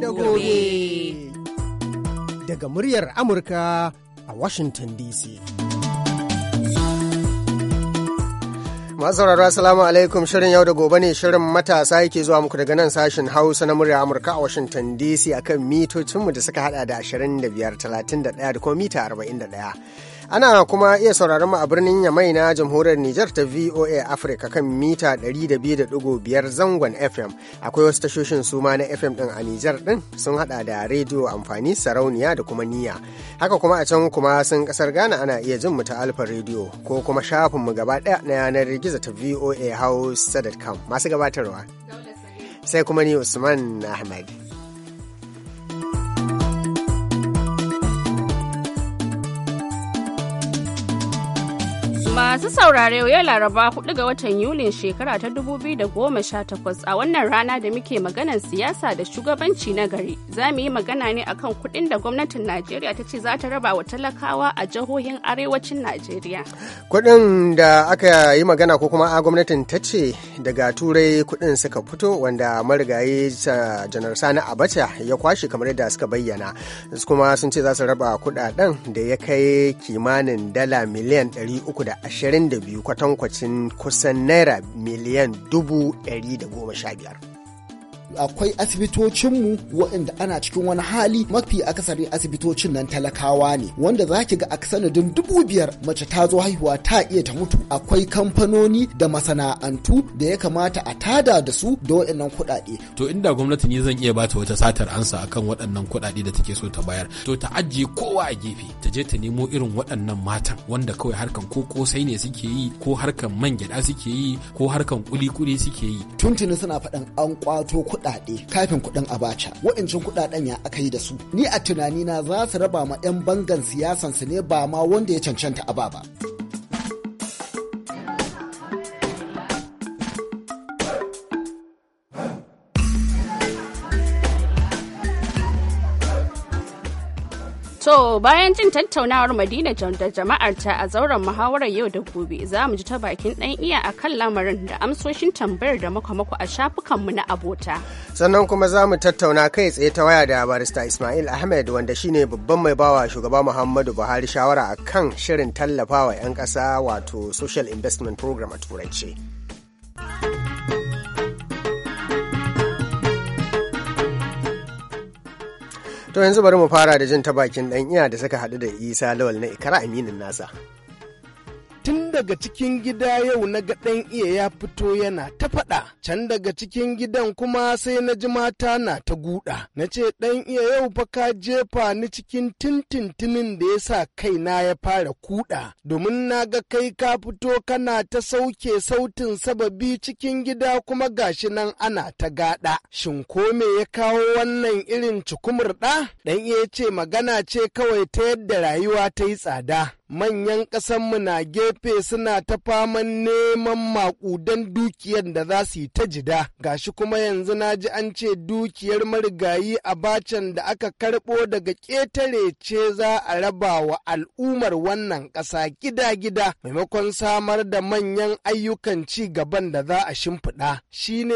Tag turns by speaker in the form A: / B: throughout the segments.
A: da gobe. Daga muryar Amurka a Washington DC. Masu Assalamu alaikum shirin yau da gobe ne shirin matasa yake zuwa muku daga nan sashen Hausa na murya Amurka a Washington DC akan mitocinmu da suka hada da 25, 31 da kuma mita 41. Ana kuma iya sauraron mu a birnin Yamai na jamhuriyar Nijar ta VOA Africa kan mita 200.5 zangon FM. Akwai wasu tashoshin suma na FM din a Nijar din sun hada da rediyo amfani sarauniya da kuma niya. Haka kuma a can kuma sun kasar Ghana ana iya jin mu ta Alfa Radio ko kuma shafin mu gaba daya na yanar gizo ta VOA House Masu gabatarwa. Sai kuma ni Usman Ahmed.
B: Masu saurare yau Laraba 4 ga watan Yulin shekara ta 2018 a wannan rana da muke maganar siyasa da shugabanci na gari. Za mu yi magana ne akan kuɗin da gwamnatin Najeriya ta ce za ta raba wa talakawa a jihohin arewacin Najeriya.
A: Kuɗin da aka yi magana ko kuma a gwamnatin ta ce daga turai kuɗin suka fito wanda marigayi janar Sani Abacha ya kwashe kamar yadda suka bayyana. Kuma sun ce za su raba kuɗaɗen da ya kai kimanin dala miliyan 320 22 kwatankwacin kusan naira miliyan dubu 115
C: akwai asibitocinmu waɗanda ana cikin wani hali mafi akasari asibitocin nan talakawa ne wanda za ki ga a sanadin dubu biyar mace ta zo haihuwa ta iya ta mutu akwai kamfanoni da masana'antu da ya kamata a tada da
D: su da waɗannan kuɗaɗe. to inda gwamnati ne zan iya bata wata satar ansa akan waɗannan kuɗaɗe da take so ta bayar to ta ajiye kowa a gefe ta je ta nemo irin waɗannan matan wanda kawai harkan ko kosai ne suke yi ko harkan man gyaɗa suke yi ko harkan kuli-kuli suke yi tuntuni
C: suna faɗan an kwato kuɗaɗe kafin kuɗin abacha wa'incin kuɗaɗen ya aka yi da su ni a tunanina za su raba ma 'yan bangan siyasansu ne ba ma wanda ya cancanta ababa ba.
B: So bayan jin tattaunawar Madina da jama'arta a zauren muhawarar yau da gobe za mu ji ta bakin ɗan iya a kan lamarin da amsoshin tambayar da muka muku a shafukanmu na abota.
A: Sannan kuma za mu tattauna kai tsaye ta waya da barista Ismail Ahmed wanda shine babban mai bawa shugaba Muhammadu Buhari shawara a kan shirin tallafawa 'yan ƙasa wato Social Investment Program a Turanci. To yanzu bari mu fara da jin ta bakin ɗan iya da suka haɗu da Isa Lawal na Ikara Aminin nasa.
E: tun daga cikin gida yau na ga ɗan iya ya fito yana ta faɗa can daga cikin gidan kuma sai na ji mata na ta guɗa. na ce ɗan iya yau fa ka jefa ni cikin tintintinin da ya sa kai na ya fara kuɗa domin na ga kai ka fito kana ta sauke sautin sababi cikin gida kuma gashi nan ana ta gaɗa shin ko me ya kawo wannan irin cikumur ɗa ɗan iya ce magana ce kawai ta yadda rayuwa ta yi tsada manyan ƙasanmu na gefe suna ta faman neman maƙudan dukiyar da za su yi ta jida gashi kuma yanzu na ji an ce dukiyar marigayi a bacan da aka karɓo daga ƙetare ce za a raba wa al'ummar wannan ƙasa gida-gida maimakon samar da manyan ayyukan ci gaban da za a shimfiɗa shi ne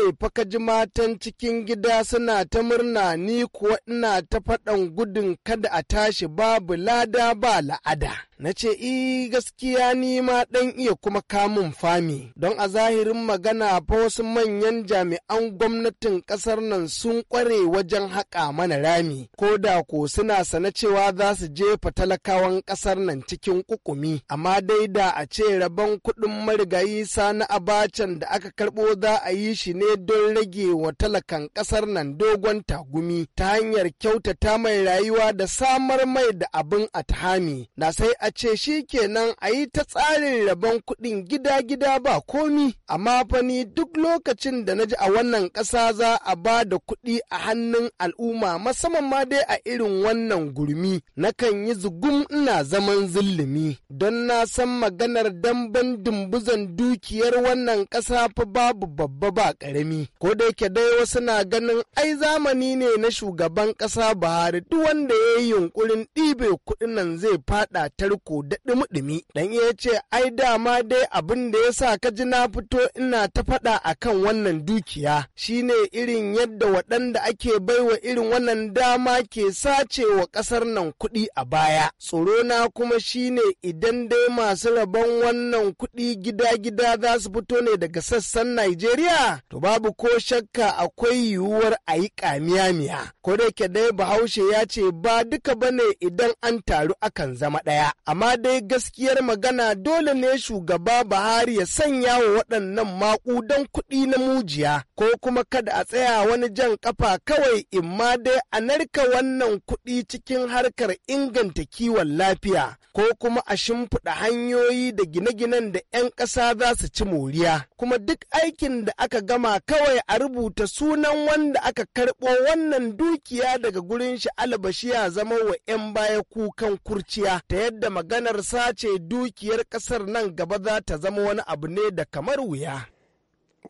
E: ji matan cikin gida suna ta murna ni kuwa ina ta faɗan gudun kada a tashi babu lada ba la'ada. na ce i gaskiya ni ma dan iya kuma kamun fami don a zahirin magana fa wasu manyan jami'an gwamnatin ƙasar nan sun kware wajen haƙa mana rami ko da ko suna sana cewa za su jefa talakawan ƙasar nan cikin kukumi amma dai da a ce rabon kuɗin marigayi sani abacan da aka karɓo za a yi shi ne don rage wa talakan ƙasar nan dogon tagumi ta hanyar kyautata mai rayuwa da samar mai da abin atahami na sai a ce shi kenan a yi ta tsarin rabon kuɗin gida-gida ba komi, amma fa ni, duk lokacin da na ji a wannan ƙasa za a ba da kuɗi a hannun al'umma musamman ma dai a irin wannan gurmi, nakan yi zugum ina zaman zullumi don na san maganar damben dumbuzan dukiyar wannan ƙasa fa babu babba ba ƙarami. Ko da yake dai wasu na ganin ai zamani ne na shugaban ƙasa Buhari duk wanda ya yi yunkurin ɗibe kuɗin nan zai faɗa tarko ko daɗi muɗumi dan iya ce ai dama dai abin da ya sa ka ji na fito ina ta faɗa kan wannan dukiya shine irin yadda waɗanda ake baiwa irin wannan dama ke sace wa ƙasar nan kuɗi a baya tsoro na kuma shine idan dai masu rabon wannan kuɗi gida-gida za su fito ne daga sassan Najeriya to babu ko shakka akwai yiwuwar a yi ƙamiya-miya ko da dai bahaushe ya ce ba duka bane idan an taru akan zama ɗaya amma dai gaskiyar magana dole ne shugaba Buhari ya sanya wa waɗannan maƙudan kuɗi na mujiya ko kuma kada a tsaya wani jan ƙafa kawai in ma dai a narka wannan kuɗi cikin harkar inganta kiwon lafiya ko kuma a shimfiɗa hanyoyi da gine-ginen da 'yan ƙasa za su ci moriya kuma duk aikin da aka gama kawai a rubuta sunan wanda aka karɓo wannan dukiya daga gurin shi albashiya zama wa 'yan baya kukan kurciya ta yadda maganar sace dukiyar kasar nan gaba za ta zama wani abu ne da kamar wuya.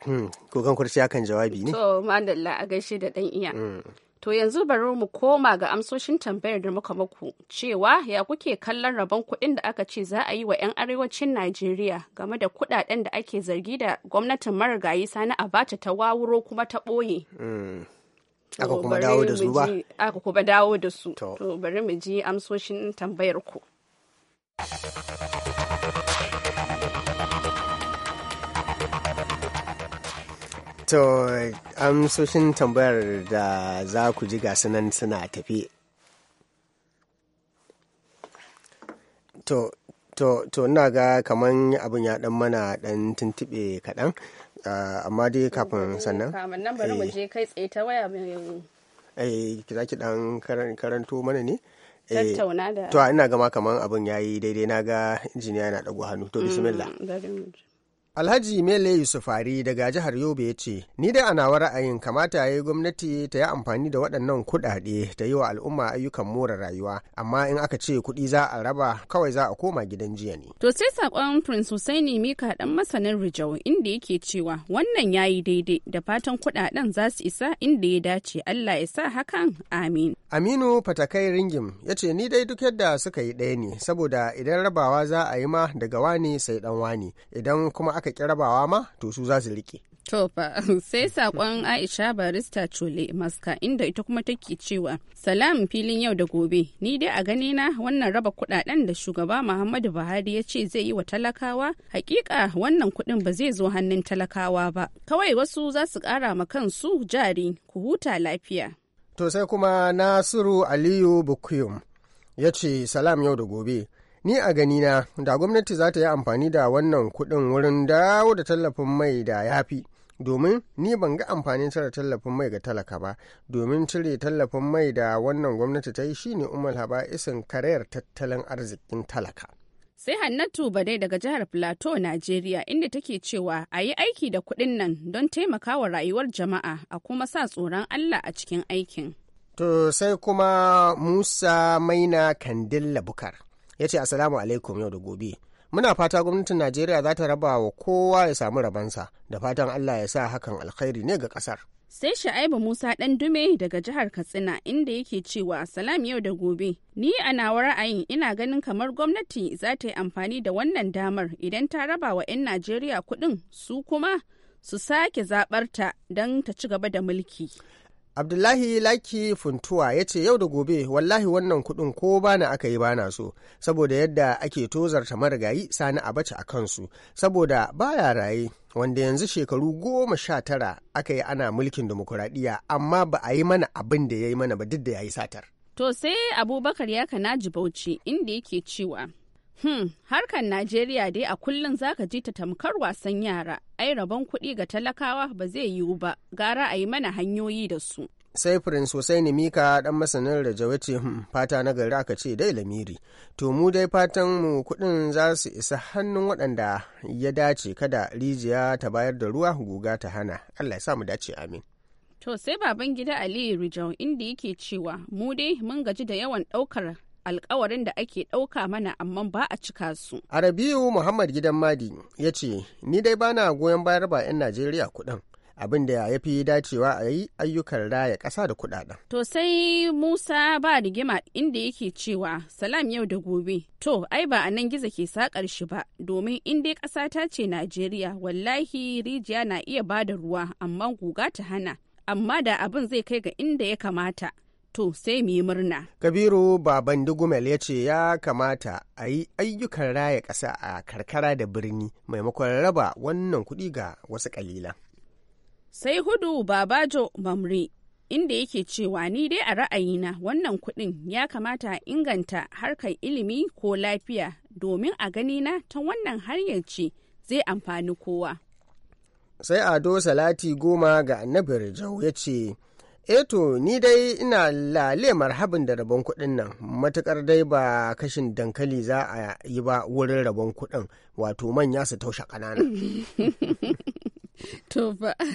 A: Hmm, Kokan kurci kan jawabi ne?
B: To, madalla a gaishe da ɗan iya. Hmm. To yanzu bari mu koma ga amsoshin tambayar da muka maku cewa ya kuke kallon rabon kuɗin da aka ce za a yi wa 'yan arewacin Najeriya game da kuɗaɗen da ake zargi da gwamnatin marigayi sani abacha ta wawuro kuma ta ɓoye.
A: Hmm. Aka kuma dawo da su ba?
B: Aka kuma dawo da su. To bari mu ji amsoshin tambayar ku.
A: To amsoshin tambayar da za ku ji gasu nan suna tafi. To, to, to ina ga kaman abin ya dan mana dan tuntube kaɗan, amma dai kafin sannan. Kamar nan bari mu eh. je
B: kai tsaye ta waya mai
A: Eh, ki za ki dan karanto mana ne? Eh, tattauna da to ina gama kaman abin yayi daidai na ga injiniya yana dago hannu to bismillah mm, Alhaji Mele Yusufari daga jihar Yobe ya ce, Ni dai ana wa ra'ayin kamata ya yi gwamnati ta yi amfani da waɗannan kuɗaɗe ta yi wa al'umma ayyukan more rayuwa, amma in aka ce kuɗi za a raba kawai za a koma gidan jiya ne.
B: To sai saƙon Prince Hussaini Mika ɗan masanin Rijau inda yake cewa wannan ya yi daidai da fatan kuɗaɗen za su isa inda ya dace Allah ya sa hakan
A: amin. Aminu Fatakai Ringim ya ce ni dai duk yadda suka yi ɗaya ne saboda idan rabawa za a yi ma daga wani sai ɗan wani idan kuma aka aka ƙi rabawa ma to su za su riƙe.
B: Tofa sai saƙon Aisha barista cole Maska inda ita kuma take cewa salam filin yau da gobe ni dai a gani na wannan raba kuɗaɗen da shugaba Muhammadu Buhari ya ce zai yi wa talakawa hakika wannan kuɗin ba zai zo hannun talakawa ba kawai wasu za su kara ma kansu jari ku huta lafiya.
A: To sai kuma Nasiru Aliyu Bukuyum ya ce salam yau da gobe ni a ganina da gwamnati za ta yi amfani da wannan kuɗin wurin dawo da tallafin mai da yafi domin ni ban ga amfani cire tallafin mai ga talaka ba domin cire tallafin mai da wannan gwamnati ta yi shine umar haba isin karayar tattalin arzikin talaka
B: sai hannatu badai daga jihar plateau nigeria inda take cewa a yi aiki da kuɗin nan don taimakawa rayuwar jama'a a kuma sa tsoron allah a cikin aikin
A: to sai kuma musa maina kandilla bukar ya ce asalamu alaikum yau da gobe muna fata gwamnatin najeriya za ta raba wa kowa ya samu rabansa da fatan allah ya sa hakan alkhairi ne ga
B: kasar sai sha'aibu musa dan dume daga jihar katsina inda yake cewa salam yau da gobe ni a nawa ra'ayin ina ganin kamar gwamnati za ta yi amfani da wannan damar idan ta raba wa 'yan najeriya kuɗin su kuma su sake zabarta don ta ci gaba da mulki
A: Abdullahi Laki Funtuwa ya ce yau da gobe wallahi wannan kuɗin ko bana aka yi bana so saboda yadda ake tozarta marigayi sani a bace a kansu saboda baya raye wanda yanzu shekaru goma sha tara aka yi ana mulkin demokuraɗiyya amma ba a yi mana abin da ya yi mana ba duk da ya yi satar.
B: To sai Abubakar ya kana Bauchi inda yake cewa Hmm, harkar Najeriya dai a kullum zaka ji ta tamkar wasan yara, ai rabon kuɗi ga talakawa ba zai yiwu ba, gara a yi mana hanyoyi da su.
A: sai prince hussaini mika dan masanin ce hmm, fata na gari aka ce dai lamiri to mu dai fatan mu kuɗin za su isa hannun waɗanda ya dace kada rijiya ta bayar da ruwa guga ta hana allah ya sa mu dace amin
B: to sai baban gida aliyu rijau inda yake cewa mu dai mun gaji da yawan ɗaukar alkawarin da ake ɗauka mana amma ba a cika su.
A: Arabiyu Muhammad Gidan Madi ya ce, Ni dai bana goyon bayar ba 'yan Najeriya kuɗin. abin da ya fi dacewa a yi ayyukan raya ƙasa da kuɗaɗen.
B: To sai Musa ba rigima inda yake cewa salam yau da gobe. To ai ba a nan gizo ke saƙar shi ba domin in dai ƙasa ta ce Najeriya wallahi rijiya na iya ba da ruwa amma guga ta hana. Amma da abin zai kai ga inda ya kamata. to sai mu yi murna.
A: Kabiru Baban Dugumel ya ce ya kamata a yi ayyukan raya ƙasa a karkara da birni maimakon raba wannan kuɗi ga wasu ƙalila.
B: Sai hudu Babajo Mamri inda yake cewa ni dai a ra'ayina wannan kuɗin ya kamata a inganta harkar ilimi ko lafiya domin a ganina ta wannan hanyar ce zai amfani kowa.
A: Sai Ado Salati goma ga Annabi Rijau ya ce, Eto eh ni dai ina lale marhabin da rabon kuɗin nan matukar dai ba kashin dankali za a yi ba wurin rabon kuɗin wato manya su taushe kanana.
B: to ba.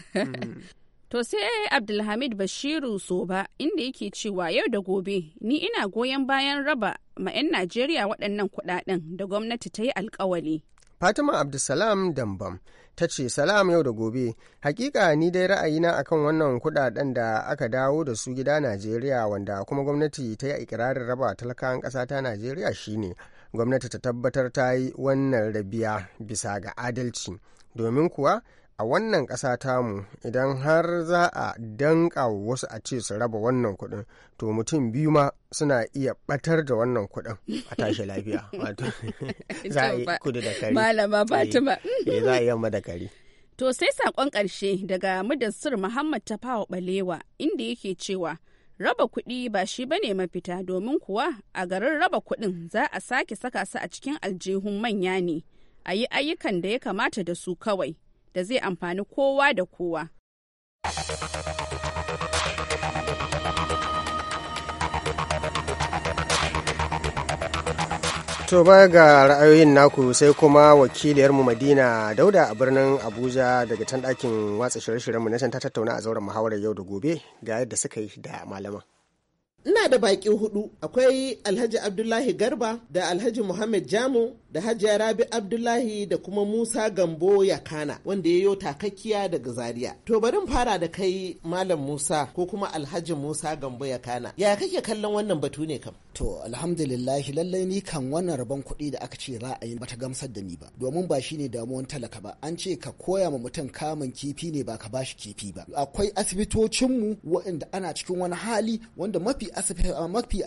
B: To sai Abdulhamid Bashiru so ba inda yake cewa yau da gobe ni ina goyon bayan raba ma 'yan Najeriya waɗannan kuɗaɗen da gwamnati ta yi alkawali
A: Fatima Abdulsalam Dambam ta ce salam yau da gobe hakika ni dai ra'ayina akan wannan kudaden da aka dawo da su gida Najeriya wanda kuma gwamnati ta yi ikirarin raba talakawan ƙasa ta Najeriya shine gwamnati ta tabbatar ta yi wannan rabiya bisa ga adalci domin kuwa a wannan ƙasa tamu idan har za a danka wasu a ce su raba wannan kuɗin to mutum biyu ma suna iya ɓatar da wannan kuɗin a tashi lafiya za a yi kudu da kari malama fatima eh, za a yi yamma da kari
B: to sai saƙon ƙarshe daga mudassir muhammad ta fawa balewa inda yake cewa raba kuɗi ba shi ba mafita domin kuwa a garin raba kuɗin za a sake saka su a cikin aljihun manya ne a yi ayyukan da ya kamata da su kawai da zai amfani kowa da kowa.
A: To baya ga ra'ayoyin naku sai kuma wakiliyarmu Madina Dauda a birnin Abuja daga can ɗakin watsa shirye-shiryenmu na can ta tattauna a
F: zauren muhawarar yau
A: da gobe ga yadda suka yi da malama
F: Ina da baƙi hudu akwai Alhaji Abdullahi Garba da Alhaji Muhammad Jamu da hajiya rabi abdullahi da kuma musa gambo yakana wanda ya yi takakkiya daga zaria to bari fara da kai malam musa ko kuma alhaji musa gambo yakana ya kake kallon wannan batu ne kam
C: to alhamdulillahi lallai ni kan wannan rabon kuɗi da aka ce ra'ayin bata gamsar da ni ba domin ba shine damuwan talaka ba an ce ka koya ma mutum kamun kifi ne ba ka bashi kifi ba akwai asibitocinmu waɗanda ana cikin wani hali wanda mafi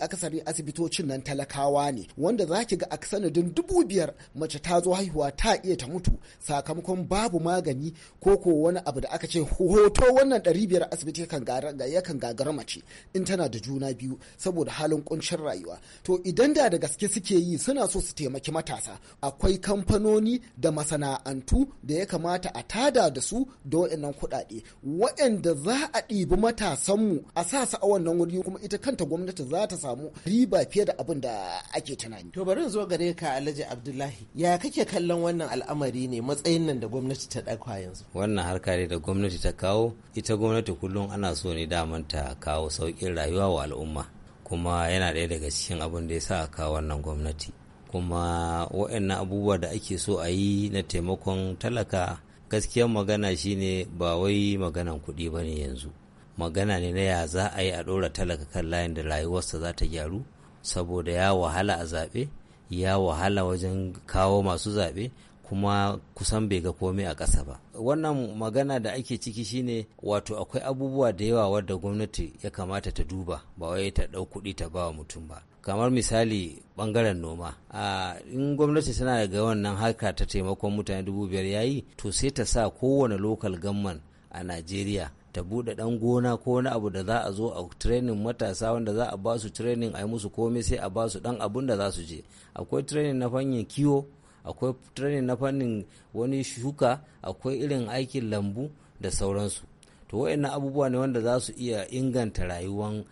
C: akasari asibitocin nan talakawa ne wanda zaki ki ga aksanadin dubu biyar sanadiyar mace ta zo haihuwa ta iya ta mutu sakamakon babu magani ko ko wani abu da aka ce hoto wannan ɗari biyar asibiti yakan gagara mace in tana da juna biyu saboda halin kuncin rayuwa to idan da da gaske suke yi suna so su taimaki matasa akwai kamfanoni da masana'antu da ya kamata a tada da su da waɗannan kuɗaɗe waɗanda za a ɗibi matasanmu a sa su a wannan wuri kuma ita kanta gwamnati za ta samu riba
F: fiye da abin da ake tunani to bari zo gare ka alhaji abdul abdullahi ya kake kallon wannan al'amari ne matsayin nan da gwamnati ta ɗauka yanzu
G: wannan harka ne da gwamnati ta kawo ita gwamnati kullum ana so ne daman ta kawo sauƙin rayuwa wa al'umma kuma yana ɗaya daga cikin abin da ya sa kawo wannan gwamnati kuma waɗannan abubuwa da ake so a yi na taimakon talaka gaskiyar magana shine ba wai maganan kuɗi ba ne yanzu magana ne na ya za a yi a ɗora talaka kan layin da rayuwarsa za ta gyaru saboda ya wahala a zaɓe ya wahala wajen kawo masu zaɓe kuma kusan bai ga komai a ƙasa ba wannan magana da ake ciki shine wato akwai abubuwa da yawa wadda gwamnati ya kamata ta duba ba wai ta ɗau kuɗi ta ba wa mutum ba kamar misali ɓangaren noma a in gwamnati tana ga wannan harka ta taimakon mutane dubu biyar yayi to sai ta sa kowane lokal gamman a najeriya ta buɗe ɗan gona ko wani abu da za a zo a training matasa wanda za a ba su training a yi musu komai sai a ba su ɗan abun da za su je akwai training na fannin kiwo akwai training na fannin wani shuka akwai irin aikin lambu da sauransu to wa'annan abubuwa ne wanda za su iya inganta rayuwan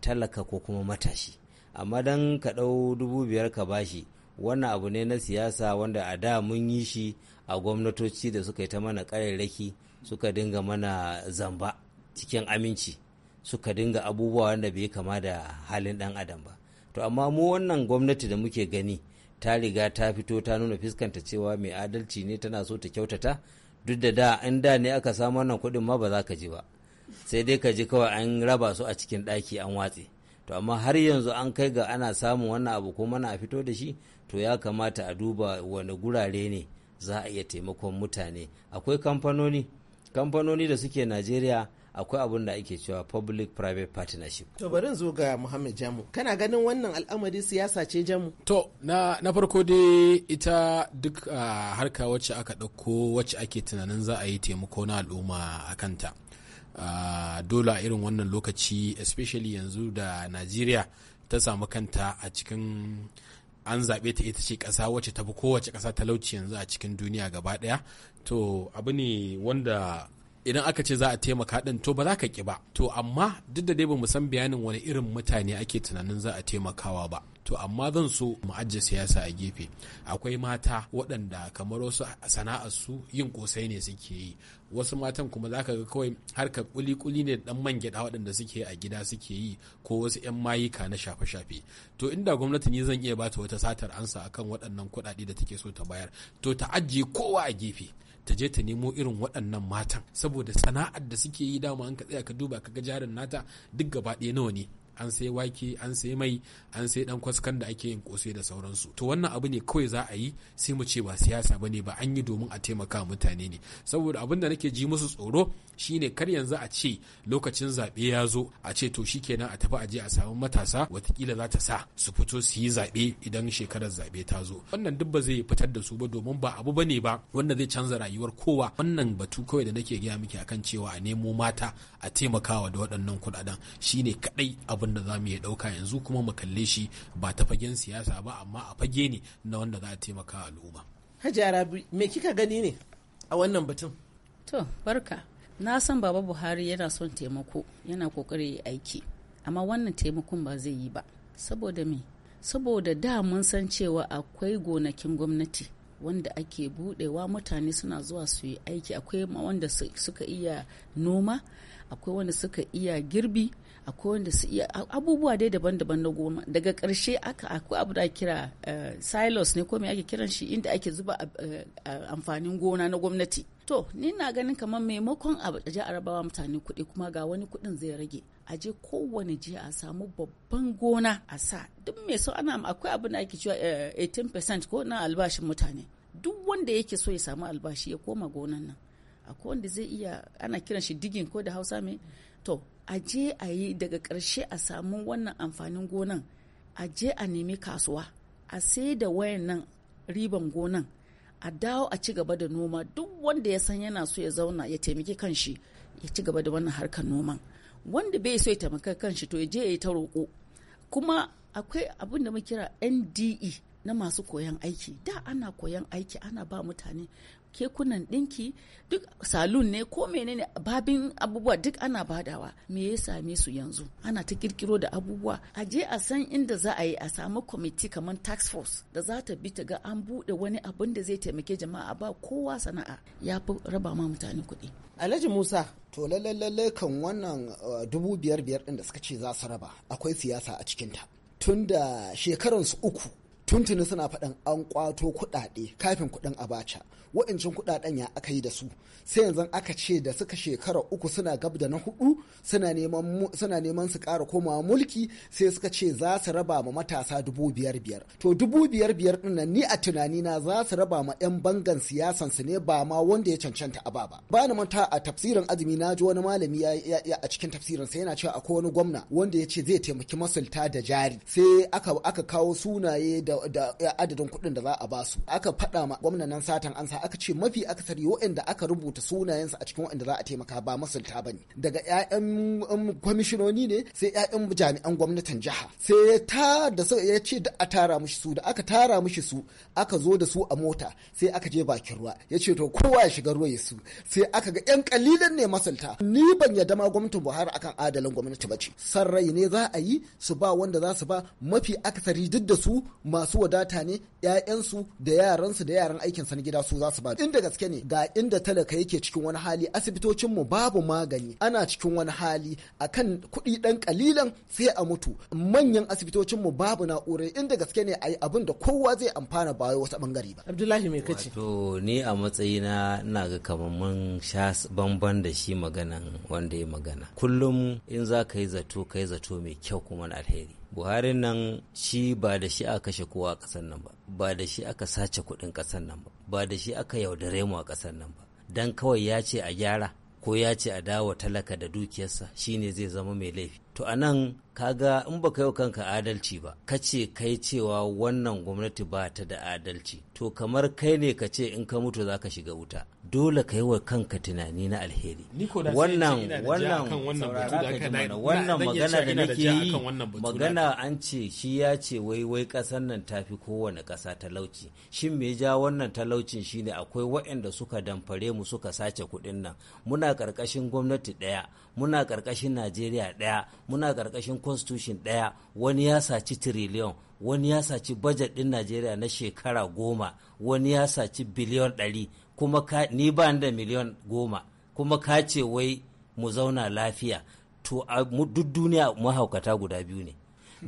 G: talaka ko kuma matashi amma dan ka ɗau dubu biyar ka bashi wannan abu ne na siyasa wanda a da mun yi shi a gwamnatoci da suka yi ta mana ƙarairaki suka dinga mana zamba cikin aminci suka dinga abubuwa wanda bai kama da halin dan adam ba to amma mu wannan gwamnati da muke gani ta riga ta fito ta nuna fuskanta cewa mai adalci ne tana so ta kyautata duk da da in da ne aka samu wannan kuɗin ma ba za ka ji ba sai dai ka ji kawai an raba su a cikin ɗaki an watse to amma har yanzu an kai ga ana samun wannan abu ko mana a fito da shi to ya kamata a duba wani gurare ne za a iya taimakon mutane akwai kamfanoni kamfanoni da suke najeriya akwai abin da ake cewa public private partnership
F: to bari zo ga muhammad jamu kana ganin wannan al'amari siyasa ce jamu
D: to na, farko dai ita duk uh, harka wacce aka ɗauko wacce ake tunanin za a yi taimako na al'umma a kanta uh, dole a irin wannan lokaci especially yanzu da najeriya ta samu kanta a cikin an zaɓe ta ita ce ƙasa wacce tafi kowace ƙasa talauci yanzu a cikin duniya gaba ɗaya to abu ne wanda idan aka ce za a taimaka din to ba za ka ki ba to amma duk da dai ba mu san bayanin wani irin mutane ake tunanin za a taimakawa ba to amma zan so mu ajiye siyasa a gefe akwai mata waɗanda kamar wasu sana'ar su yin kosai ne suke yi wasu matan kuma za ka ga kawai harkar kuli-kuli ne dan man gyaɗa waɗanda suke a gida suke yi ko wasu 'yan mayuka na shafe-shafe to inda gwamnati ne zan iya bata wata satar ansa akan waɗannan kuɗaɗe da take so ta bayar to ta ajiye kowa a gefe ta je ta nemo irin waɗannan matan saboda sana'ar da suke yi dama an ka tsaya ka duba ka ga jarin nata duk gaba ɗaya nawa ne an sai wake an sai mai an sai dan kwaskan da ake yin kosai da sauransu to wannan abu ne kawai za a yi sai mu ce ba siyasa ba ne ba an yi domin a taimaka mutane ne saboda abin da nake ji musu tsoro shine kar yanzu a ce lokacin zaɓe ya zo a ce to shikenan a tafi a je a samu matasa watakila za ta sa su fito su yi zaɓe idan shekarar zaɓe ta zo wannan duk ba zai fitar da su ba domin ba abu bane ba wanda zai canza rayuwar kowa wannan batu kawai da nake gaya miki akan cewa a nemo mata a taimakawa da waɗannan kuɗaɗen shine kaɗai abu abin da za mu iya ɗauka yanzu kuma mu kalle shi ba ta fagen siyasa ba amma a fage ne na wanda za a taimaka al'umma.
H: Hajji Arabi me kika gani ne a wannan batun? To barka na san Baba Buhari yana son taimako yana kokari aiki amma wannan taimakon ba zai yi ba saboda me saboda da mun san cewa akwai gonakin gwamnati wanda ake budewa mutane suna zuwa su yi aiki akwai wanda suka iya noma akwai wanda suka iya girbi akwai wanda su iya abubuwa dai daban-daban na goma daga ƙarshe aka akwai abu da kira eh, silos ne ko me ake kiran shi inda ake zuba eh, eh, amfanin gona na gwamnati to ni na ganin kamar maimakon a arabawa mutane kuɗi kuma ga wani kuɗin zai rage a je kowane jiya a samu babban gona a sa duk mai so ana akwai abin da ake cewa 18% eh, ko na albashin mutane duk wanda yake so ya samu albashi ya koma gonan nan akwai wanda zai iya ana kiran shi digin ko da hausa mai to a je a yi daga karshe a samu wannan amfanin gonan a je a nemi kasuwa a sai da wayan nan riban gonan a dawo a ci gaba da noma duk wanda ya san yana so ya zauna ya taimaki kanshi ya ci gaba da wannan harkar noman wanda bai so ya taimaka kan shi to ya je ya yi ta roƙo kuma akwai abin da mu kira NDE na masu koyan aiki da ana koyan aiki ana ba mutane kekunan ɗinki duk salon ne ko menene babin abubuwa duk ana badawa me ya same su yanzu ana ta kirkiro da abubuwa a je a san inda za a yi a samu kwamiti kamar tax force da za ta bi ta ga an buɗe wani abin da zai taimake jama'a ba kowa sana'a ya fi raba ma mutane kuɗi alhaji musa to lalle
C: kan wannan uh, dubu biyar biyar ɗin da suka ce za su raba akwai siyasa a cikinta tun da shekaransu uku tuntuni suna faɗin an kwato kuɗaɗe kafin kuɗin abacha waɗancan kuɗaɗen ya aka yi da su sai yanzu aka ce da suka shekara uku suna gab da na hudu suna neman su ƙara komawa mulki sai suka ce za su raba ma matasa dubu biyar biyar to dubu biyar biyar din ni a tunani na za su raba ma yan bangan siyasan su ne ba ma wanda ya cancanta a ba ba ni manta a tafsirin azumi na ji wani malami ya a cikin tafsirin sai yana cewa akwai wani gwamna wanda ya ce zai taimaki masulta da jari sai aka kawo sunaye da adadin kuɗin da za a ba su aka faɗa ma gwamnan nan satan an sa. taimaka aka ce mafi akasari waɗanda aka rubuta sunayensu a cikin waɗanda za a taimaka ba masulta ne. daga 'ya'yan um, kwamishinoni ne sai 'ya'yan jami'an gwamnatin jiha sai ta da ya ce da a tara mushi su da aka tara mushi su aka zo da su a mota sai aka je bakin ruwa ya ce to kowa ya shiga ruwa ya su sai aka ga 'yan kalilan ne masulta ni ban yadda ma gwamnatin Buhari akan adalin gwamnati ba ce san rai ne za a yi su ba wanda za su ba mafi akasari duk da su masu wadata ne 'ya'yansu da yaransu da yaran aikin san gida su za za su ba inda gaske ne ga inda talaka yake cikin wani hali asibitocin mu babu magani ana cikin wani hali akan kuɗi dan kalilan sai a mutu manyan asibitocin mu babu na'urai inda gaske ne ayi abin da kowa zai amfana ba wata bangare ba
F: Abdullahi me kace to
G: ni a matsayina ina ga kamar mun sha bamban da shi maganan wanda ya magana kullum in za ka yi zato ka yi zato mai kyau kuma na alheri buhari nan shi ba da shi aka kashe kowa a ƙasar nan ba ba da shi aka sace kuɗin ƙasar nan ba ba da shi aka yaudare mu a ƙasar nan ba dan kawai ya ce a gyara ko ya ce a dawo talaka da dukiyarsa shine zai zama mai laifi to a nan kaga in ba ka yi kanka adalci ba ka ce kai cewa wannan gwamnati ba ta da adalci to kamar kai ne ka ce in ka mutu za ka shiga wuta dole ka yi wa kanka tunani na alheri wannan wannan wannan magana da nake yi magana an ce shi ya ce wai wai ƙasar nan ta fi kowane ƙasa talauci shin me ja wannan talaucin shine akwai waɗanda suka damfare mu suka sace kuɗin nan muna ƙarƙashin gwamnati ɗaya muna ƙarƙashin najeriya ɗaya muna ƙarƙashin constitution ɗaya wani ya saci trillion wani ya saci budget ɗin najeriya na shekara goma wani ya saci biliyon ɗari kuma ka, ni ba da miliyon goma kuma ka ce wai mu zauna lafiya to a duk duniya mahaukata guda biyu ne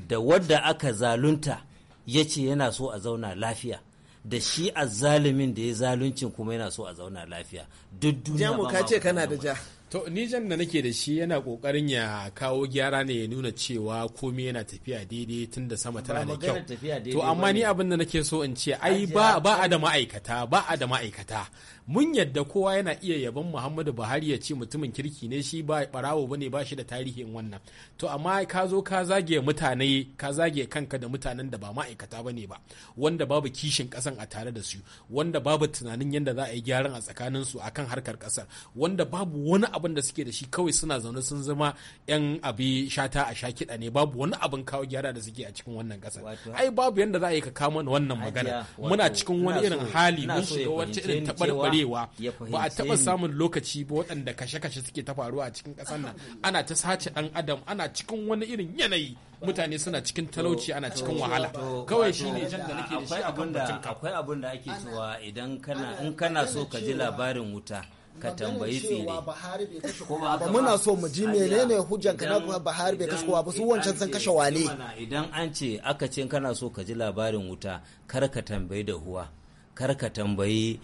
G: da wadda aka zalunta ya ce yana so a zauna lafiya da shi a zalimin da ya zaluncin
D: kuma yana so a zauna lafiya duk duniya jamu ka ce kana da ja To nijan da nake da shi yana kokarin ya kawo gyara ne ya nuna cewa komai yana tafiya daidai tun da sama tana da kyau. To amma ni abin da nake so in ce ai ba ba a da ma'aikata ba a da ma'aikata. Mun yadda kowa yana iya yaban Muhammadu Buhari ya ce mutumin kirki ne shi ba barawo bane ba shi da tarihin wannan. To amma ka zo ka zage mutane ka zage kanka da mutanen da ba ma'aikata bane ba wanda babu kishin kasan a tare da su wanda babu tunanin yadda za a yi gyaran a tsakanin su akan harkar kasar wanda babu wani abin da suke da shi kawai suna zaune sun zama yan abi shata a kiɗa ne babu wani abin kawo gyara da suke a cikin wannan kasa ai babu yanda za a yi ka kama wannan magana muna cikin wani irin hali mun shiga wacce irin tabarbarewa ba a taɓa samun lokaci ba waɗanda kashe-kashe suke ta faruwa a cikin ƙasar nan ana ta sace ɗan adam ana cikin wani irin yanayi mutane suna cikin talauci ana cikin wahala kawai shi ne jan da nake da shi akwai
G: abin da ake cewa idan kana in kana so ka ji labarin wuta ka tambayi tsire
C: ba muna so mu ji menene hujjan ka na Buhari bai kashe kowa ba su wancan san kashe wale
G: idan an ce aka ce kana so ka ji labarin wuta kar ka tambayi da huwa kar ka tambayi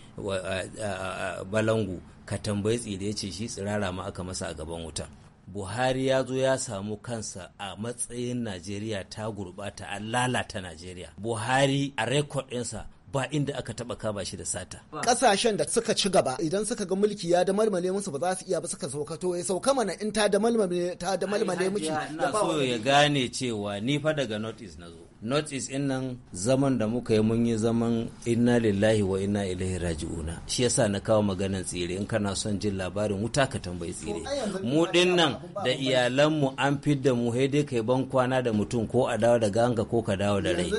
G: balangu ka tambayi tsire ce shi tsirara ma aka masa a gaban wuta buhari ya zo ya samu kansa a matsayin najeriya ta gurbata an lalata najeriya buhari a rekod ɗinsa ba inda aka taba kama shi da sata
C: kasashen da suka ci gaba idan suka ga mulki ya da malmale musu ba za su iya ba suka sauka to ya sauka mana in ta da malmale ta da malmale miki
G: na so ya gane cewa ni fa daga north east nazo north east in nan zaman da muka yi mun yi zaman inna lillahi wa inna ilaihi raji'una shi yasa na kawo maganan tsire in kana son jin labarin wuta ka tambayi tsire mu din nan da iyalanmu an fidda mu dai kai ban kwana da mutum ko a dawo da ganga ko ka
F: dawo da
H: rai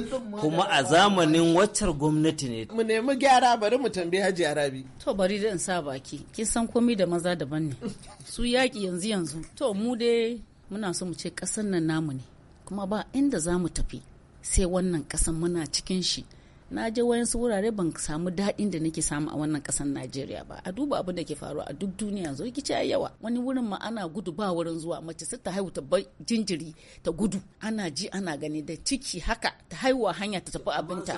H: kuma a
F: zamanin waccar gwamnati gwamnati ne. Mu
H: nemi gyara
F: bari mu tambayi Hajji
H: Arabi. To bari da in sa baki. Kin san komai da maza daban ne. Su yaƙi yanzu yanzu. To mu dai muna so mu ce ƙasar nan namu ne. Kuma ba inda za mu tafi. Sai wannan ƙasar muna cikin shi. na je wayansu wurare ban samu daɗin da nake samu a wannan ƙasar najeriya ba a duba abin da ke faruwa a duk duniya yanzu rikici ya yawa wani wurin ma ana gudu ba wurin zuwa mace sai ta haihu ta bar jinjiri ta gudu ana ji ana gani da ciki haka ta haihuwa hanya ta tafi abinta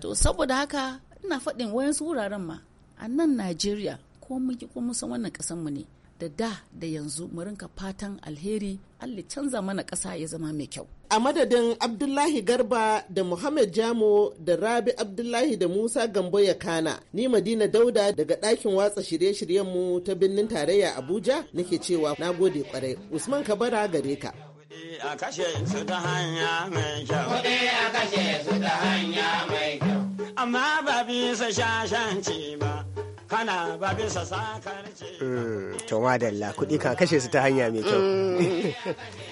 H: to saboda haka ina faɗin wayansu wuraren ma a nan najeriya ko mun ki ko mun san wannan ƙasar mu ne da da da yanzu mu rinka fatan alheri Allah canza mana ƙasa ya zama mai kyau
F: a madadin abdullahi garba da muhammad jamo da rabi abdullahi da musa gambo ya kana ni madina dauda daga ɗakin watsa shirye-shiryenmu ta birnin tarayya abuja nake cewa na gode kwarai usman kabara gare ka
G: a ba bisa shashanci ba. kana ba bisa sakarci.
A: Eh, to kuɗi ka kashe su ta hanya
I: mai kyau. Mm.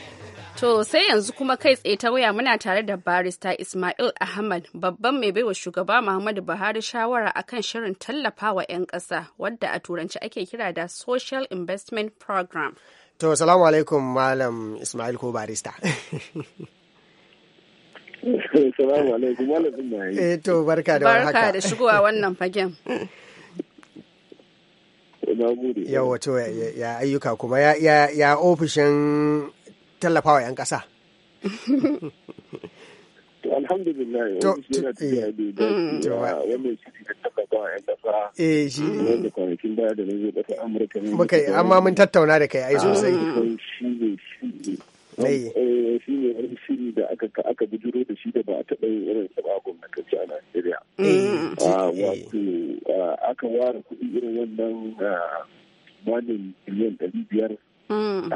B: To sai yanzu kuma kai tsaye ta waya muna tare da barista Ismail Ahmad babban mai baiwa shugaba Muhammadu Buhari shawara akan shirin tallafawa 'yan ƙasa wadda a turanci ake kira da Social Investment Program.
A: To salamu alaikum Malam Ismail ko barista.
I: Salamu alaikum Malam Ismail. Eh to
A: barka da warhaka. Barka da
B: shigowa wannan fagen.
A: Yau wato ya ayyuka kuma ya ofishin tallafawa 'yan ƙasa?
I: to alhamdulillah tafiya eh, da wannan da amma mun
A: tattauna da kai ai sosai
I: shi shiri da aka aka da shi da ba a yin irin sa ba a Najeriya. Eh. Ah, eh. Wato ah, aka ware kuɗi irin wannan ah, miliyan ɗari biyar Mm.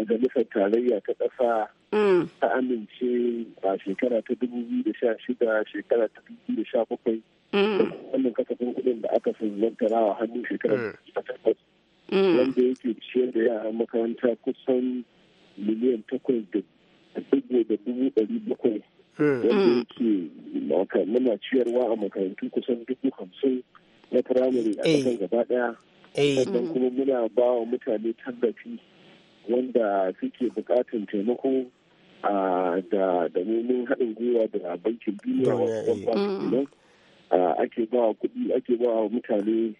I: majalisar tarayya ta ƙasa mm. ta amince a shekara ta dubu biyu da sha shida shekara ta da sha bakwai mm. wannan kasafin kudin da aka fi a hannun ta takwas wanda yake ciyar da yara makaranta kusan miliyan takwas da dubu da dubu ɗari bakwai wanda yake muna ciyarwa a makarantu kusan dubu hamsin na firamare a kasan eh. gaba ɗaya Eh. sannan kuma muna ba wa mutane tallafi wanda suke bukatan taimako da da neman haɗin gwiwa da bankin duniya wasu mm. ake ba kuɗi ake ba wa mutane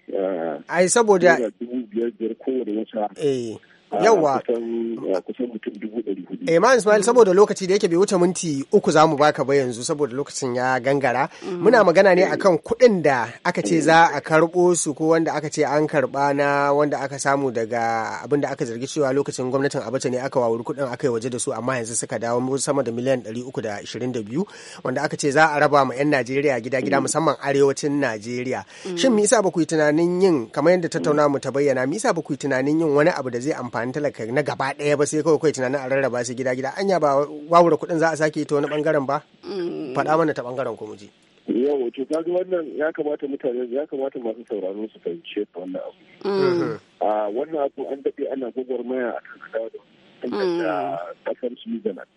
I: yi saboda dubu biyar biyar kowane wata eh. yawa kusan mutum
A: eh, Ismail saboda lokaci da yake bai wuce minti uku za mu baka ba yanzu saboda lokacin ya gangara mm-hmm. muna magana ne akan eh. kuɗin da aka ce za a karɓo su ko wanda aka ce an karɓa na wanda aka samu daga abin da aka zargi cewa lokacin gwamnatin Abacha ne aka wawuri kuɗin aka yi waje da su amma yanzu suka dawo sama da miliyan ɗari uku da ishirin da biyu wanda aka ce za a raba ma 'yan Najeriya gida gida mm. musamman arewacin Najeriya mm. shin misa ba ku yi tunanin yin kamar yadda tattauna mu ta bayyana misa ba ku yi tunanin yin wani abu da zai amfani amfanin talaka na gaba ɗaya ba sai kawai kawai tunanin a rarraba su gida gida anya ba wawura kuɗin za a sake ta wani bangaren ba
I: mm. faɗa mana ta
A: bangaren ko mu je
I: yawa to kaga wannan ya kamata mutane ya kamata masu sauraro su fahimce ta wannan abu mm. a wannan abu an daɗe ana gwagwarmaya a kan kadawa da kasar mm. switzerland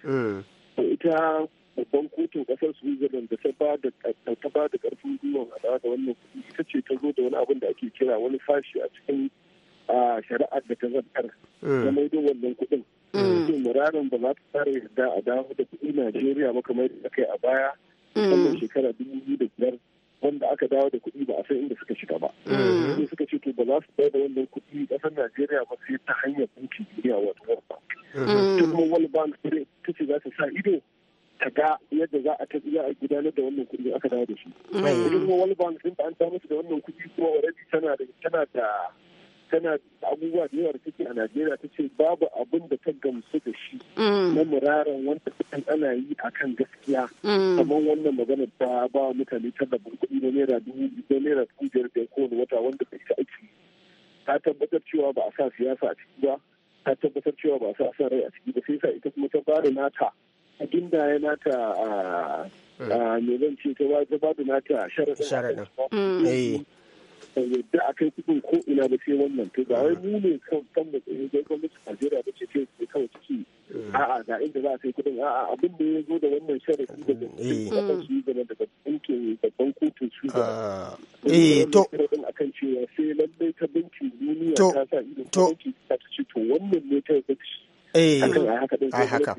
I: to ita babban kotun kasar switzerland da ta ba da ta ba da karfin gwiwa a da wannan kuɗi ita ce ta zo da wani abin da ake kira wani fashi a cikin A shari'ar da ta zartar da eh. maido wannan kuɗin. Mutum eh. muraren ba za ta fara yarda a dawo da kuɗi Najeriya ba kamar da aka yi a baya. Eh. Wannan shekara dubu biyu da biyar wanda aka dawo da kuɗi ba a san inda suka shiga ba. Sai suka ce to ba za su bayar da wannan kuɗi ƙasar Najeriya ba sai ta hanyar bankin duniya wato World Bank. Ta kuma World Bank ta ce za ta sa ido ta ga yadda za a tafi a gudanar da wannan kuɗi aka dawo da shi. Kuma World Bank sun ba an dawo da wannan kuɗi kuma already tana tana da tana abubuwa da yawa da take a najeriya ta ce babu abin da ta gamsu da shi mm. na muraren wanda kusan ana yi a kan gaskiya mm. kamar wannan magana ta ba mutane tallafin kuɗi na naira dubu na naira dubu biyar da kowane wata wanda ta isa aiki ta tabbatar cewa ba a sa siyasa a ciki ba ta tabbatar cewa ba a sa sa rai a ciki ba sai sa ita kuma ta bada nata abin da ya nata a mm. me zan ce ta ba da nata sharaɗa. ban yadda a kai kuɗin ko ina da sai wannan to ba wai mu ne kan san da tsaye da gwamnati Najeriya da ce ke ce kawai ciki a'a ga inda za a kai kuɗin a'a abin da ya zo da wannan sharafi daga mm. cikin eh. su daga banki bankin babban kotun su da ah. eh to akan cewa sai lallai ta bankin duniya ta sa ido ta ce to wannan ne ta yi Eh. haka.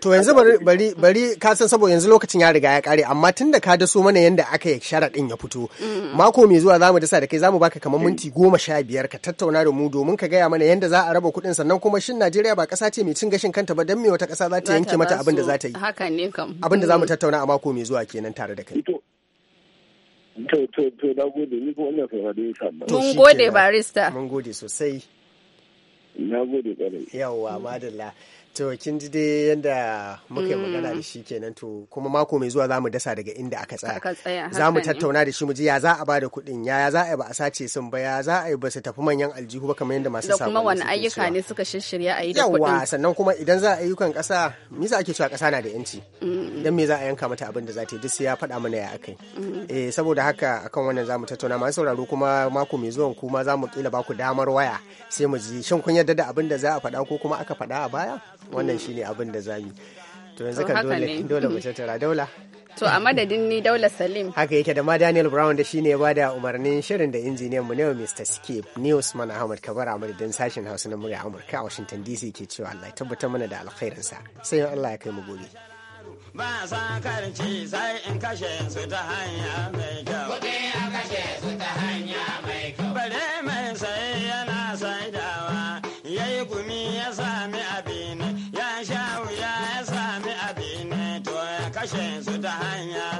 A: to yanzu bari bari ka san saboda yanzu lokacin ya riga ya kare amma tun da ka daso mana yanda aka yi sharaɗin ya fito mm. mako mai zuwa zamu dasa da kai zamu baka kamar eh. minti goma sha biyar ka tattauna da mu domin ka gaya mana yanda za a raba kuɗin sannan kuma shin Najeriya ba ƙasa ce mai cin gashin kanta ba dan me wata ƙasa za ta yanke mata abin da za ta yi
B: haka abin da zamu
A: mm. tattauna a mako mai zuwa kenan tare da kai to
I: to gode ni ko mun
A: gode barista mun gode sosai Na gode kwarai. Yawwa madalla. to kin ji dai yadda muka yi magana da mm. shi kenan to kuma mako mai zuwa zamu dasa daga inda aka
B: tsaya za mu tattauna
A: da shi mu ji ya za a bada kuɗin ya za a yi ba a sace sun ba ya za a yi ba su tafi manyan aljihu ba kamar yadda masu sabon da kuma wani ayyuka
B: ne suka shirya a yi da kuɗin yawa
A: sannan kuma idan za a ayyukan ƙasa me za ake cewa ƙasa na da yanci mm. dan me za a yanka mata abin da za ta yi duk sai ya faɗa mana ya akai mm. eh saboda haka akan wannan zamu tattauna masu sauraro kuma mako mai zuwa kuma zamu kila ba ku damar waya sai mu ji shin kun yarda da abin da za a faɗa ko kuma aka faɗa a baya wannan hmm. shine abin da za yi to yanzu kan dole dole mu tattara daula
B: to a madadin ni daula salim
A: haka yake da ma daniel brown da shine ya da umarnin shirin da injiniyan mu ne mr skip news man ahmad kabar a madadin sashen hausa na murya amurka a washington dc ke cewa allah ya tabbatar mana da alkhairinsa sai allah ya kai mu gobe
G: ba sa sai in kashe su ta hanya mai kyau. Kuɗi a kashe su ta hanya mai kyau. Bare mai saye yana saidawa, yayi gumi ya sami abin.
F: hanya